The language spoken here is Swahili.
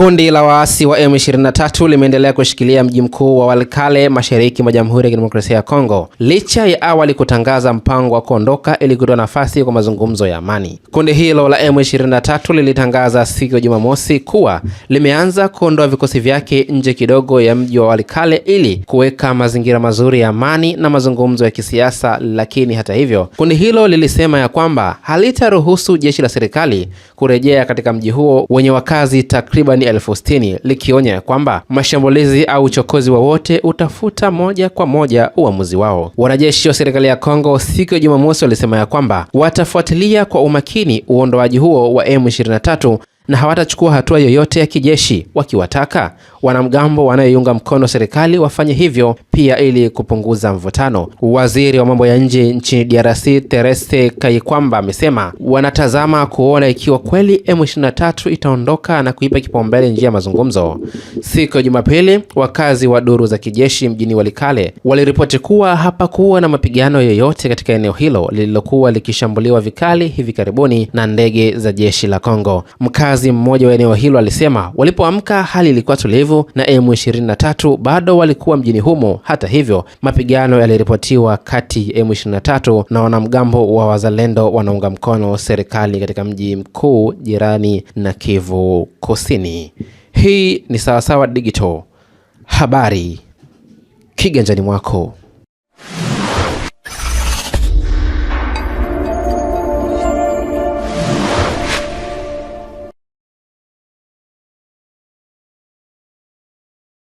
Kundi la waasi wa M23 limeendelea kushikilia mji mkuu wa Walikale mashariki mwa Jamhuri ya Kidemokrasia ya Kongo licha ya awali kutangaza mpango wa kuondoka ili kutoa nafasi kwa mazungumzo ya amani. Kundi hilo la M23 lilitangaza siku ya Jumamosi kuwa limeanza kuondoa vikosi vyake nje kidogo ya mji wa Walikale ili kuweka mazingira mazuri ya amani na mazungumzo ya kisiasa, lakini hata hivyo, kundi hilo lilisema ya kwamba halitaruhusu jeshi la serikali kurejea katika mji huo wenye wakazi takriban elfu sitini likionya kwamba mashambulizi au uchokozi wowote utafuta moja kwa moja uamuzi wao. Wanajeshi wa serikali ya Kongo siku ya Jumamosi walisema ya kwamba watafuatilia kwa umakini uondoaji huo wa M23 na hawatachukua hatua yoyote ya kijeshi, wakiwataka wanamgambo wanayeiunga mkono serikali wafanye hivyo pia ili kupunguza mvutano. Waziri wa mambo ya nje nchini DRC Therese Kayikwamba amesema wanatazama kuona ikiwa kweli M23 itaondoka na kuipa kipaumbele njia ya mazungumzo. Siku ya Jumapili, wakazi wa duru za kijeshi mjini Walikale waliripoti kuwa hapakuwa na mapigano yoyote katika eneo hilo lililokuwa likishambuliwa vikali hivi karibuni na ndege za jeshi la Kongo. Mkazi mmoja wa eneo hilo alisema walipoamka hali ilikuwa tulivu Kivu na M23 bado walikuwa mjini humo. Hata hivyo, mapigano yaliripotiwa kati ya M23 na wanamgambo wa wazalendo wanaunga mkono serikali katika mji mkuu jirani na Kivu Kusini. Hii ni Sawasawa Digital, habari kiganjani mwako.